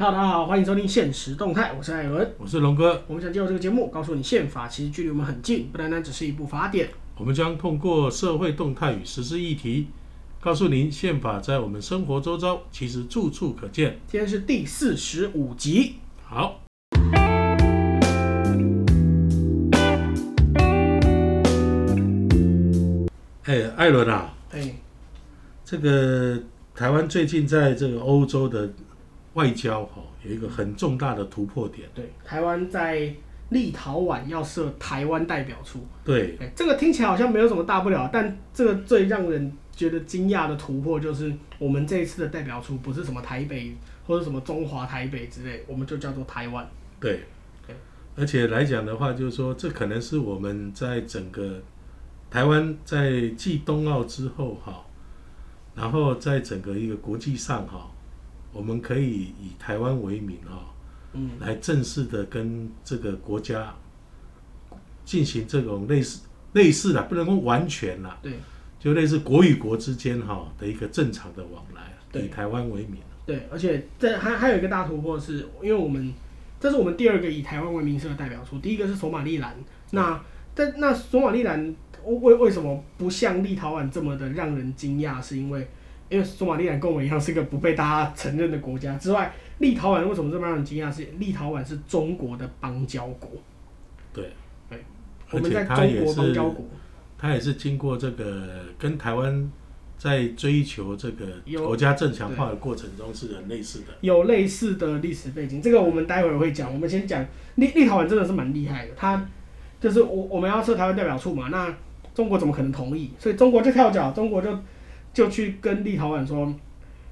大家好，歡迎收聽《現實動態》，我是艾倫，我是龍哥。我們想借這個節目告訴你，憲法其實距離我們很近，不單單只是一部法典。我們將通過社會動態與時事議題，告訴您憲法在我們生活周遭其實處處可見。今天是第四十五集。好、哎。艾倫啊，哎，這個台灣最近在這個歐洲的。外交哈、喔、有一個很重大的突破點，對，台灣在立陶宛要設台灣代表處，對、欸，這個聽起來好像沒有什麼大不了，但這個最讓人覺得驚訝的突破就是，我們這一次的代表處不是什麼台北或者什麼中華台北之類，我們就叫做台灣。對，對而且來講的話，就是說這可能是我們在整個台灣在繼東奧之後哈、喔，然後在整個一個國際上哈、喔。我們可以以台灣為名啊、喔，來正式的跟這個國家進行這種類似類似的，不能夠完全啦。對，就類似國與國之間哈、喔、的一個正常的往來。對，以台灣為名。對，而且這還還有一個大突破是，因為我們這是我們第二個以台灣為名設的代表處，第一個是索馬利蘭。對那在那索馬利蘭為為什麼不像立陶宛這麼的讓人驚訝？是因為因為索馬里蘭跟我們一樣是一個不被大家承認的國家。之外，立陶宛為什麼這麼讓人驚訝？是立陶宛是中國的邦交國。對，對我們在中國邦交國它，也是經過這個跟台灣在追求這個國家正強化的過程中是很類似的，有，有類似的歷史背景。這個我們待會兒會講。我們先講立立陶宛真的是蠻厲害的。它就是我我們要設台灣代表處嘛，那中國怎麼可能同意？所以中國就跳腳，中國就。就去跟立陶宛說，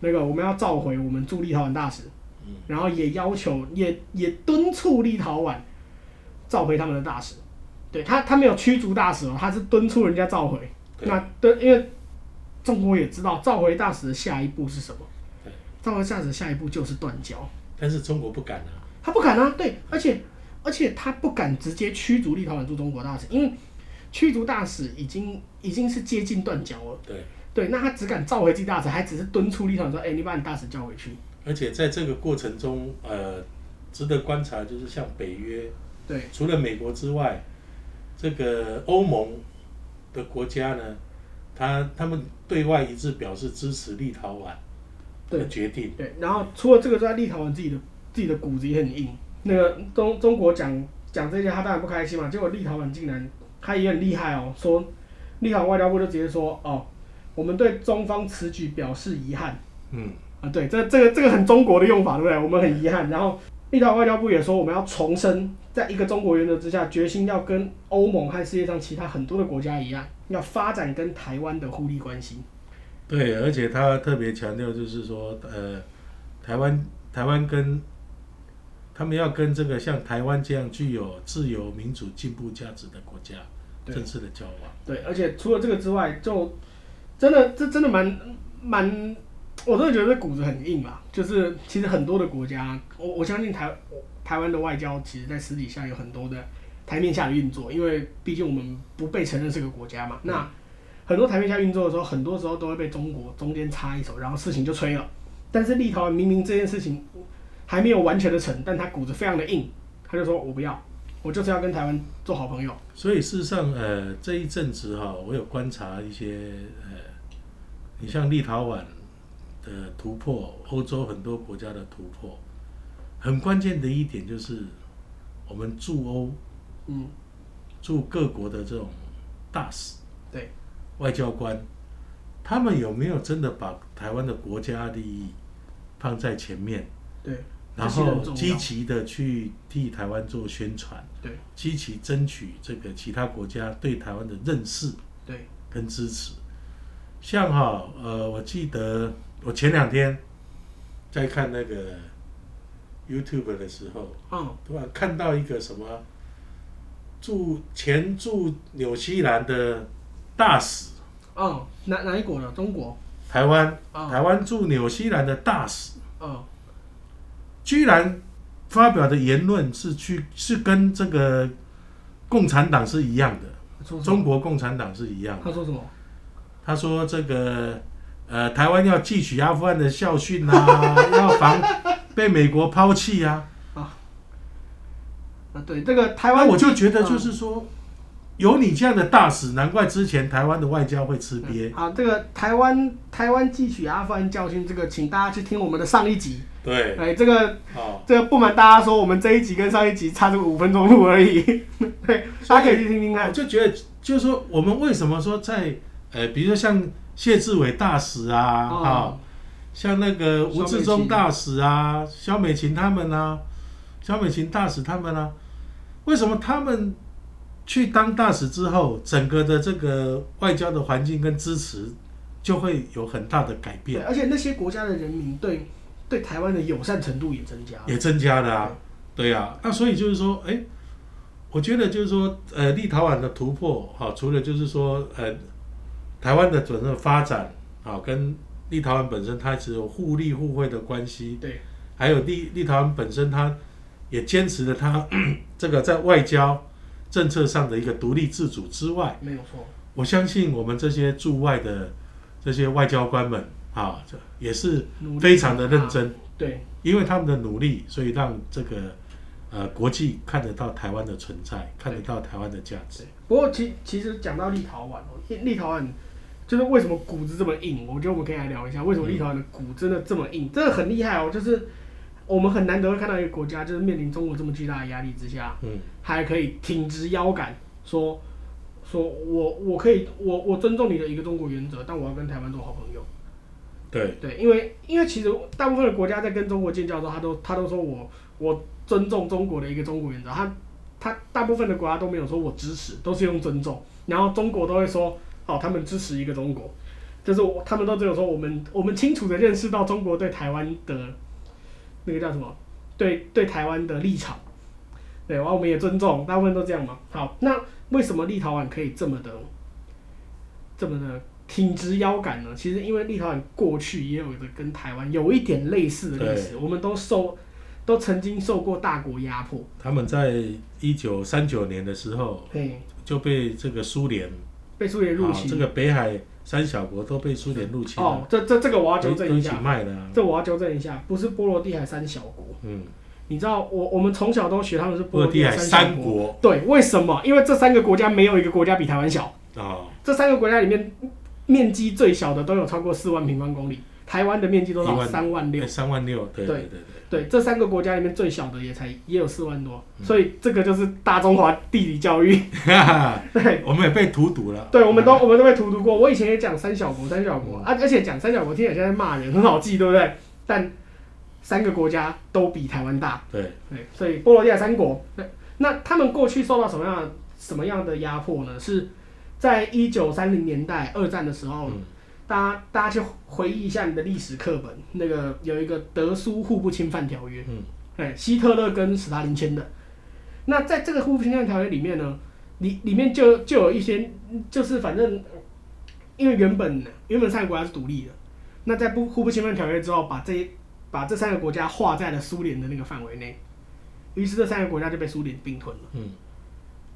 那個我們要召回我們駐立陶宛大使，嗯，然後也要求也也敦促立陶宛召回他們的大使。對，他，他沒有驅逐大使哦，喔，他是敦促人家召回。對那對，因為中國也知道，召回大使的下一步是什麼？對，召回大使的下一步就是斷交。但是中國不敢啊。他不敢啊，對，而且而且他不敢直接驅逐立陶宛駐中國大使，因為驅逐大使已經已經是接近斷交了。對。對，那他只敢召回自己大使，還只是敦促立陶宛說：“哎、欸，你把你大使叫回去。”而且在這個過程中，呃，值得觀察就是，像北約，對，除了美國之外，這個歐盟的國家呢，他他們對外一致表示支持立陶宛的決定。對，對，然後除了這個之外，立陶宛自己的自己的骨子也很硬。那個中中國講講這些，他當然不開心嘛。結果立陶宛竟然，他也很厲害哦，說立陶宛外交部就直接說：“哦。”我們對中方此舉表示遺憾。嗯，啊，對，這這個這個很中國的用法，對不對？我們很遺憾。然後，立陶宛外交部也說，我們要重申，在一個中國原則之下，決心要跟歐盟和世界上其他很多的國家一樣，要發展跟台灣的互利關係。對，而且他特別強調，就是說，呃，台灣台灣跟他們要跟這個像台灣這樣具有自由、民主、進步價值的國家對正式的交往。對，而且除了這個之外，就真的，這真的蠻蠻，我真的覺得這骨子很硬嘛。就是其實很多的國家，我我相信台台灣的外交，其實在私底下有很多的台面下的運作，因為畢竟我們不被承認是個國家嘛。嗯、那很多台面下運作的時候，很多時候都會被中國中間插一手，然後事情就吹了。但是立陶宛明明這件事情還沒有完全的成，但他骨子非常的硬，他就說我不要，我就是要跟台灣做好朋友。所以事實上，呃，這一陣子哈，我有觀察一些呃。你像立陶宛的突破，歐洲很多國家的突破，很關鍵的一點就是我們駐歐，嗯，駐各國的這種大使，對，外交官，他們有沒有真的把台灣的國家利益放在前面？對，然後積極的去替台灣做宣傳，對，積極爭取這個其他國家對台灣的認識，對，跟支持。像哈、哦，呃，我記得我前兩天在看那個 YouTube 的時候，嗯，對吧？突然看到一個什麼駐前駐紐西蘭的大使，嗯、哦，哪哪一國的？中國台灣，哦、台灣駐紐西蘭的大使，嗯，哦、居然發表的言論是去是跟這個共產黨是一樣的，中國共產黨是一樣的，他，他說什麼？他說：“這個，呃，台灣要汲取阿富汗的教訓吶， 要防被美國拋棄啊。”啊，對，這個台灣我就覺得就是說，嗯、有你這樣的大使，難怪之前台灣的外交會吃癟。啊、嗯，這個台灣台灣汲取阿富汗教訓，這個請大家去聽我們的上一集。對，哎、欸，這個，好這個不瞞大家說，我們這一集跟上一集差這個五分鐘錄而已。 對，以大家可以去聽聽看。我就覺得，就是說，我們為什麼說在呃、比如說像謝志偉大使啊，嗯哦、像那個吳志中大使啊，蕭美琴他們呢、啊，蕭美琴大使他們呢、啊，為什麼他們去當大使之後，整個的這個外交的環境跟支持就會有很大的改變？對，而且那些國家的人民對對台灣的友善程度也增加，也增加的啊，對呀、啊，那所以就是說，哎，我覺得就是說，呃，立陶宛的突破，哈、哦，除了就是說，呃。台灣的整個發展、哦，跟立陶宛本身，它只有互利互惠的關係。對，還有立立陶宛本身，它也堅持了它呵呵這個在外交政策上的一個獨立自主之外。沒有錯。我相信我們這些駐外的這些外交官們，啊、哦，也是非常的認真。啊、對，因為他們的努力，所以讓這個呃國際看得到台灣的存在，對看得到台灣的價值。不過其，其其實講到立陶宛，立陶宛，就是為什麼骨子這麼硬？我覺得我們可以來聊一下，為什麼立陶宛的骨真的這麼硬，真的很厲害哦。就是我們很難得會看到一個國家，就是面臨中國這麼巨大的壓力之下，嗯，還可以挺直腰桿說說我，我我可以，我我尊重你的一個中國原則，但我要跟台灣做好朋友。對對，因為因為其實大部分的國家在跟中國建交的時候，他都他都說我我尊重中國的一個中國原則，他他大部分的國家都沒有說我支持，都是用尊重，然後中國都會說。好，他們支持一個中國，就是他們都只有說，我們我們清楚的認識到中國對台灣的，那個叫什麼？對對，台灣的立場，對，然後我們也尊重，大部分都這樣嘛。好，那為什麼立陶宛可以這麼的，這麼的挺直腰桿呢？其實因為立陶宛過去也有一個跟台灣有一點類似的歷史，對我們都受，都曾經受過大國壓迫。他們在一九三九年的時候，嗯、就被這個蘇聯。被蘇聯入侵、哦，這個北海三小國都被蘇聯入侵。哦，這這這個我要糾正一下，啊、這我要糾正一下，不是波羅的海三小國。嗯，你知道我我們從小都學他們是波羅的海三國。三國，對，為什麼？因為這三個國家沒有一個國家比台灣小啊！哦、這三個國家裡面面積最小的都有超過四萬平方公里。台灣的面積多少？三萬六。三萬、欸、三萬六，對對對，對,對,對，這三個國家裡面最小的也才也有四萬多，嗯、所以這個就是大中華地理教育。嗯、對， 我們也被荼毒了。對，嗯、我們都我們都被荼毒過。我以前也講三小國，三小國、嗯啊、而且講三小國，聽起來像在罵人，很好記，對不對？但三個國家都比台灣大。對，對所以波羅的海三國，那那他們過去受到什麼樣什麼樣的壓迫呢？是在一九三零年代二戰的時候。嗯大家大家去回憶一下你的歷史課本，那個有一個《德蘇互不侵犯條約》，嗯，嘿，希特勒跟斯大林簽的。那在這個互不侵犯條約裡面呢，裡裡面就就有一些，就是反正因為原本呢，原本三個國家是獨立的，那在不互不侵犯條約之後，把這把這三個國家劃在了蘇聯的那個範圍內，於是這三個國家就被蘇聯併吞了。嗯，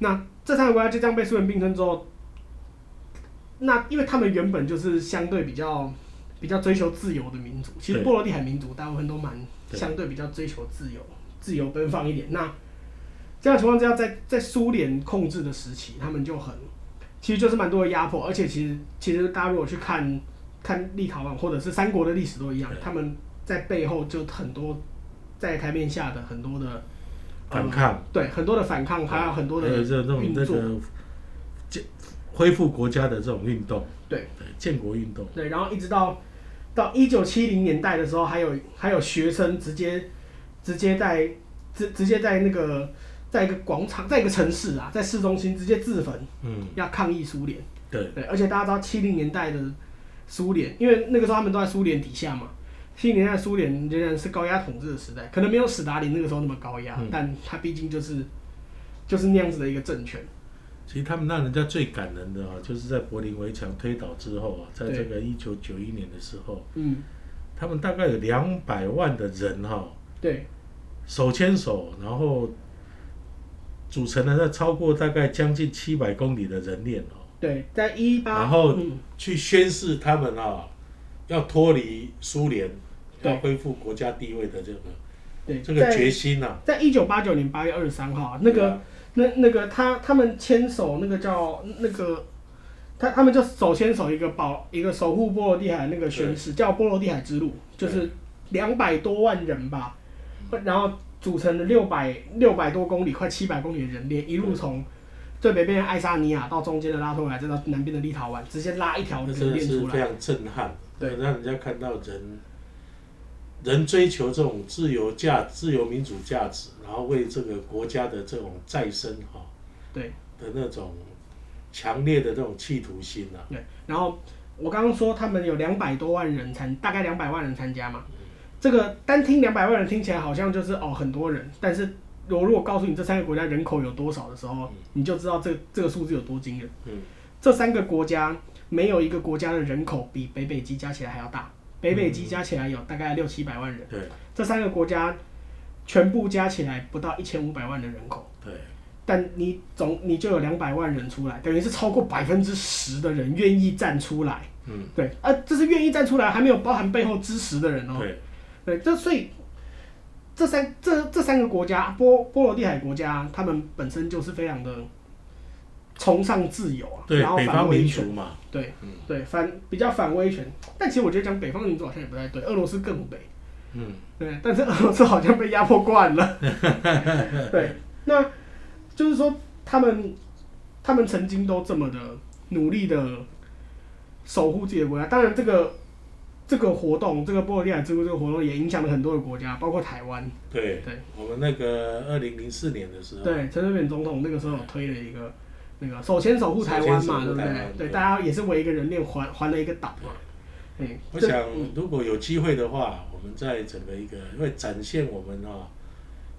那這三個國家就這樣被蘇聯併吞之後。那因為他們原本就是相對比較比較追求自由的民族，其實波羅的海民族大部分都蠻相對比較追求自由、對 自由奔放一點。那這樣情況之下，在在蘇聯控制的時期，他們就很，其實就是蠻多的壓迫，而且其實其實大家如果去看看立陶宛或者是三國的歷史都一樣，對 他們在背後就很多在台面下的很多的反抗、嗯，對很多的反抗，還有很多的這種那、這個恢復國家的這種運動，對，對，建國運動，對，然後一直到到一九七零年代的時候，還有還有學生直接直接在直直接在那個在一個廣場，在一個城市啊，在市中心直接自焚，嗯，要抗議蘇聯，對對，而且大家知道七零年代的蘇聯，因為那個時候他們都在蘇聯底下嘛，七零年代蘇聯仍然是高壓統治的時代，可能沒有史達林那個時候那麼高壓，嗯，但他畢竟就是就是那樣子的一個政權。其實他們讓人家最感人的啊，就是在柏林圍牆推倒之後啊，在這個一九九一年的時候，嗯，他們大概有兩百萬的人哈、啊，對，手牽手，然後組成了那超過大概將近七百公里的人鏈哦、啊，對，在一八、嗯，然後去宣誓他們啊要脫離蘇聯，要，對，要恢復國家地位的這個，對，這個決心吶、啊，在一九八九年八月二十三號那個。那那個他他們牽手那個叫那個，他他們就手牽手一個保一個守護波羅的海的那個巡遊，對叫波羅的海之路，對就是兩百多萬人吧，對然後組成了六百六百多公里快七百公里的人鏈，對一路從最北邊的愛沙尼亞到中間的拉脫維亞再到南邊的立陶宛，直接拉一條的人鏈出來，嗯、非常震撼，對，對讓人家看到人。人追求這種自由價、自由民主價值，然後為這個國家的這種再生哈，對的那種強烈的這種企圖心吶、啊。對，然後我剛剛說他們有兩百多萬人參，大概兩百萬人參加嘛。嗯，這個單聽兩百萬人聽起來好像就是哦很多人，但是我如果告訴你這三個國家人口有多少的時候，嗯，你就知道這這個數字有多驚人。嗯，這三個國家沒有一個國家的人口比北北基加起來還要大。北北基加起來有大概六七百萬人，嗯，這三個國家全部加起來不到一千五百萬的人口，對但你總你就有兩百萬人出來，等於是超過百分之十的人願意站出來，嗯，對，啊，這是願意站出來，還沒有包含背後支持的人哦，對，對，這所以這三這這三個國家波波羅的海國家，他們本身就是非常的。崇尚自由啊，對然後反威權北方嘛，對、嗯、對，反比較反威權，但其實我覺得講北方民族好像也不太對，俄羅斯更北，嗯，對，但是俄羅斯好像被壓迫慣了， 對，那就是說他們他們曾經都這麼的努力的守護自己的國家，當然這個這個活動，這個波羅的海之路這個活動也影響了很多的國家，包括台灣，對，對，對我們那個二零零四年的時候，對，陳水扁總統那個時候推了一個。那個手牽手護台灣嘛，對不對？對，對大家也是為一個人鏈環環了一個島嘛。對，我想如果有機會的話，我們在整個一個，因為展現我們啊，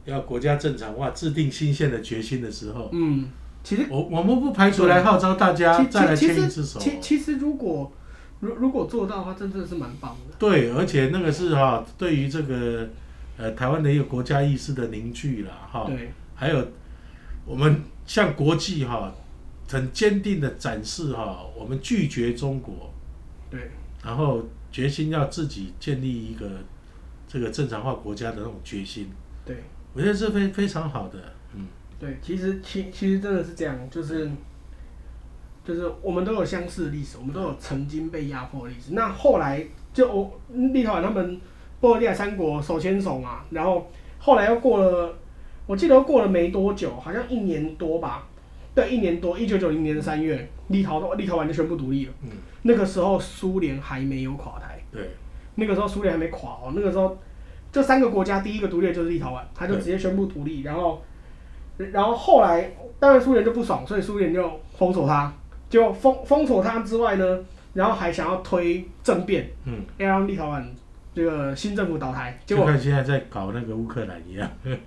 要國家正常化、制定新憲的決心的時候，嗯，其實我我們不排除來號召大家再來牽一次手。其實，其實，其實如果如如果做到的話，真的是蠻棒的。對，而且那個是哈、啊，對於這個呃台灣的一個國家意識的凝聚啦，哈，對，還有我們向國際哈。很堅定的展示，哈、哦，我們拒絕中國，對，然後決心要自己建立一個這個正常化國家的那種決心。對，我覺得這非非常好的。嗯，對，其實其其實真的是這樣，就是就是我們都有相似的歷史，我們都有曾經被壓迫的歷史。對那後來就立陶宛他們波羅的亞三國手牽手嘛，然後後來又過了，我記得過了沒多久，好像一年多吧。對一年多，一九九零年的三月，立陶立陶宛就宣布獨立了。嗯，那個時候蘇聯還沒有垮台。對，那個時候蘇聯還沒垮哦。那個時候，這三個國家第一個獨立的就是立陶宛，他就直接宣布獨立，對然後，然後後來當然蘇聯就不爽，所以蘇聯就封鎖他，就封封鎖他之外呢，然後還想要推政變，嗯，要讓立陶宛這個新政府倒台。結果就看現在在搞那個烏克蘭一樣。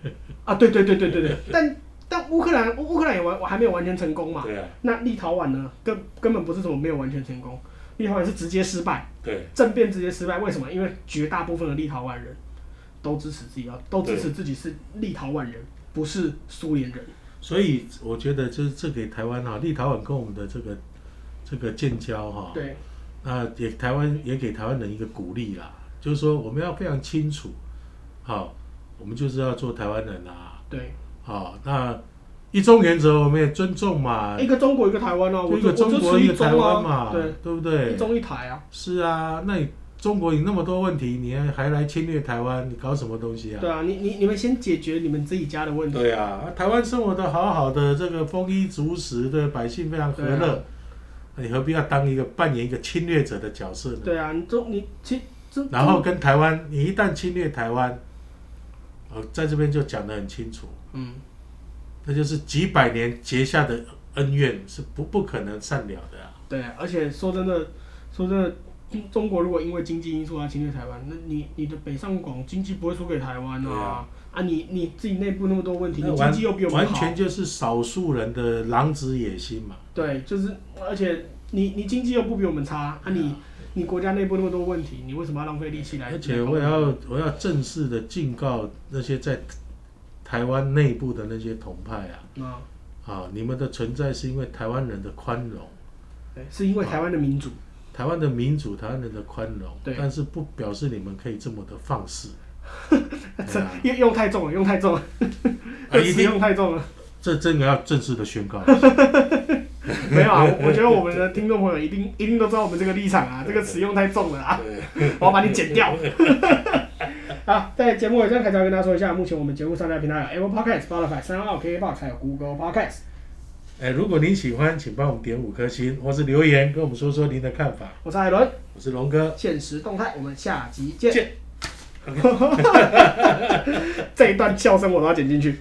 啊，對對對對對對，但。 但烏克蘭，烏克蘭也完，我還沒有完全成功嘛？對啊。那立陶宛呢？根根本不是什麼沒有完全成功，立陶宛是直接失敗。對。政變直接失敗，為什麼？因為絕大部分的立陶宛人都支持自己啊，都支持自己是立陶宛人，不是蘇聯人。對。所以我覺得，就是這給台灣哈啊，立陶宛跟我們的這個這個建交哈啊，對。那啊，也台灣也給台灣人一個鼓勵啦，就是說我們要非常清楚，好啊，我們就是要做台灣人啦啊。對。好、哦，那一中原則我們也尊重嘛。一個中國，一個台灣哦、喔。一個我就中國，一個台灣嘛，啊、對對不對？一中一台啊。是啊，那你中國有那麼多問題，你還還來侵略台灣，你搞什麼東西啊？對啊，你你你們先解決你們自己家的問題。對啊，台灣生活的好好的，這個豐衣足食的百姓非常和樂，啊、你何必要當一個扮演一個侵略者的角色呢？對啊，你中你侵中。然後跟台灣，你一旦侵略台灣，我在這邊就講得很清楚。嗯，那就是幾百年結下的恩怨是不不可能善了的啊。對，而且說真的，說真的，中國如果因為經濟因素而侵略台灣，那你你的北上廣經濟不會輸給台灣啊！對啊，啊你你自己內部那麼多問題，那完，你經濟又比我們好。完全就是少數人的狼子野心嘛。對，就是，而且你你經濟又不比我們差啊！啊你你國家內部那麼多問題，你為什麼要浪費力氣來？而且我也要我要正式的警告那些在。台灣內部的那些統派啊，啊，你們的存在是因為台灣人的寬容，是因為台灣的民主，台灣的民主，台灣人的寬容，但是不表示你們可以這麼的放肆，這用用太重了，用太重了，用太重了，這真的要正式的宣告一下，沒有啊，我覺得我們的聽眾朋友一定一定都知道我們這個立場啊，這個詞用太重了啊，我要把你剪掉。好，在節目尾聲，還是要跟大家說一下，目前我們節目上架平台有 Apple Podcast、Pod cast, Spotify、三二 KKBOX，還有 Google Podcast。欸，如果您喜歡，請幫我們點五顆星，或是留言跟我們說說您的看法。我是海倫，我是龍哥，限時動態，我們下集見。見 這一段笑聲我都要剪進去。